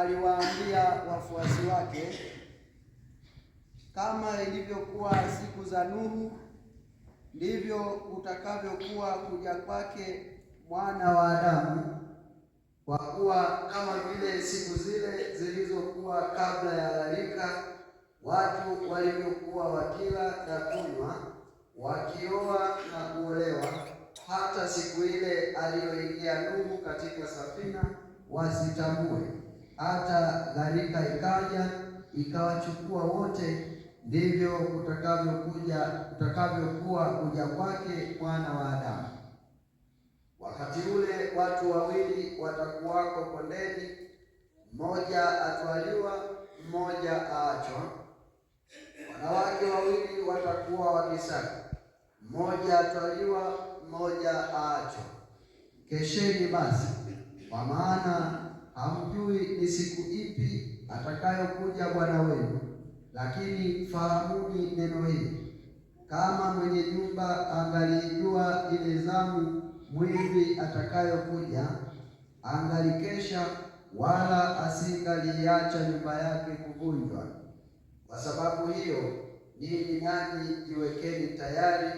aliwaambia wafuasi wake, kama ilivyokuwa siku za Nuhu, ndivyo utakavyokuwa kuja kwake mwana wa Adamu, kwa kuwa kama vile siku zile zilizokuwa kabla ya gharika, watu walivyokuwa wakila na kunywa, wakioa na kuolewa, hata siku ile aliyoingia Nuhu katika safina, wasitambue hata gharika ikaja ikawachukua wote, ndivyo kutakavyokuja kutakavyokuwa kuja kwake mwana wa Adamu. Wakati ule watu wawili watakuwako kondeni, mmoja atwaliwa, mmoja aachwa. Wanawake wawili watakuwa wakisaka, mmoja atwaliwa, mmoja aachwa. Kesheni basi, kwa maana hamjui ni siku ipi atakayokuja Bwana wenu. Lakini fahamuni neno hili, kama mwenye nyumba angalijua ile zamu mwivi atakayokuja, angalikesha wala asingaliacha nyumba yake kuvunjwa. Kwa sababu hiyo, ninyi nanyi jiwekeni tayari,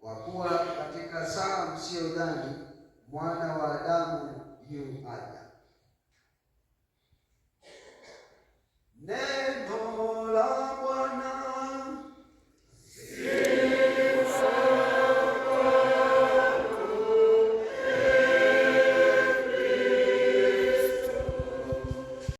kwa kuwa katika saa msiyodhani mwana wa Adamu yu aja.